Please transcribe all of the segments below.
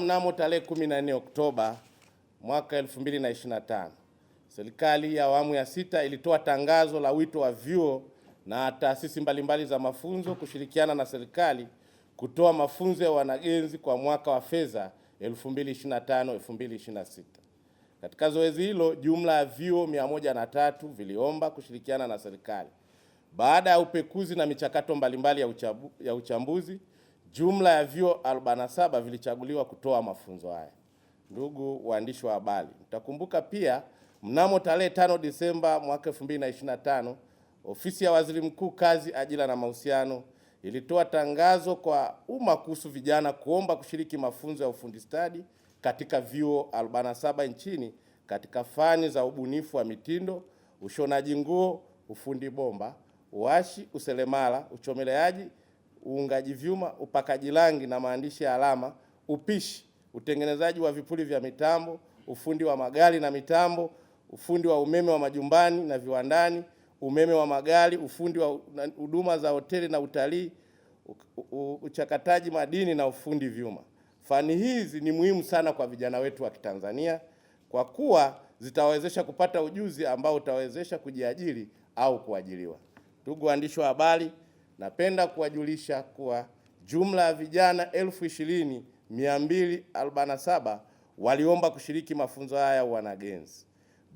Mnamo tarehe 14 Oktoba mwaka 2025, serikali ya awamu ya sita ilitoa tangazo la wito wa vyuo na taasisi mbalimbali za mafunzo kushirikiana na serikali kutoa mafunzo ya wanagenzi kwa mwaka wa fedha 2025/2026. Katika zoezi hilo, jumla ya vyuo 103 viliomba kushirikiana na serikali. Baada ya upekuzi na michakato mbalimbali ya uchambuzi Jumla ya vyuo 47 vilichaguliwa kutoa mafunzo haya. Ndugu waandishi wa habari, mtakumbuka pia mnamo tarehe 5 Disemba mwaka 2025 ofisi ya Waziri Mkuu, Kazi, Ajira na Mahusiano ilitoa tangazo kwa umma kuhusu vijana kuomba kushiriki mafunzo ya ufundi stadi katika vyuo 47 nchini katika fani za ubunifu wa mitindo, ushonaji nguo, ufundi bomba, uashi, useremala, uchomeleaji uungaji vyuma, upakaji rangi na maandishi ya alama, upishi, utengenezaji wa vipuli vya mitambo, ufundi wa magari na mitambo, ufundi wa umeme wa majumbani na viwandani, umeme wa magari, ufundi wa huduma za hoteli na utalii, uchakataji madini na ufundi vyuma. Fani hizi ni muhimu sana kwa vijana wetu wa Kitanzania kwa kuwa zitawawezesha kupata ujuzi ambao utawezesha kujiajiri au kuajiriwa. Ndugu waandishi wa habari, napenda kuwajulisha kuwa jumla ya vijana 20,247 waliomba kushiriki mafunzo haya ya wanagenzi.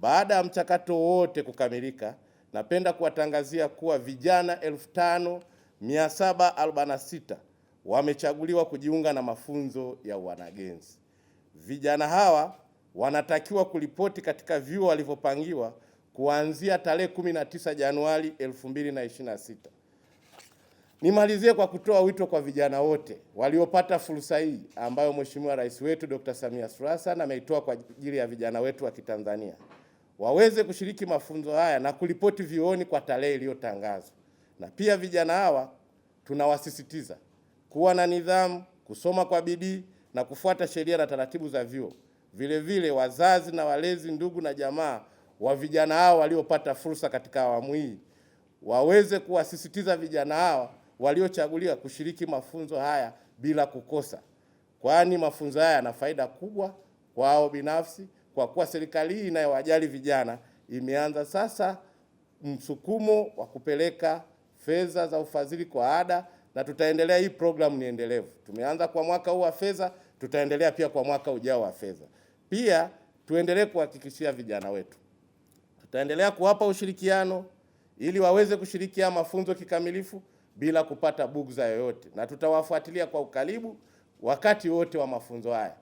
Baada ya mchakato wote kukamilika, napenda kuwatangazia kuwa vijana 5,746 wamechaguliwa kujiunga na mafunzo ya wanagenzi. Vijana hawa wanatakiwa kuripoti katika vyuo walivyopangiwa kuanzia tarehe 19 Januari 2026. Nimalizie kwa kutoa wito kwa vijana wote waliopata fursa hii ambayo Mheshimiwa Rais wetu Dr. Samia Suluhu Hassan ameitoa kwa ajili ya vijana wetu wa Kitanzania waweze kushiriki mafunzo haya na kulipoti vyuoni kwa tarehe iliyotangazwa. Na pia vijana hawa tunawasisitiza kuwa na nidhamu, kusoma kwa bidii na kufuata sheria na taratibu za vyuo. Vile vile wazazi na walezi, ndugu na jamaa wa vijana hao waliopata fursa katika awamu hii waweze kuwasisitiza vijana hawa waliochaguliwa kushiriki mafunzo haya bila kukosa, kwani mafunzo haya yana faida kubwa kwao binafsi, kwa kuwa serikali hii inayowajali vijana imeanza sasa msukumo wa kupeleka fedha za ufadhili kwa ada, na tutaendelea. Hii programu ni endelevu, tumeanza kwa mwaka huu wa fedha, tutaendelea pia kwa mwaka ujao wa fedha. Pia tuendelee kuhakikishia vijana wetu, tutaendelea kuwapa ushirikiano ili waweze kushirikia mafunzo kikamilifu bila kupata bugza yoyote, na tutawafuatilia kwa ukaribu wakati wote wa mafunzo haya.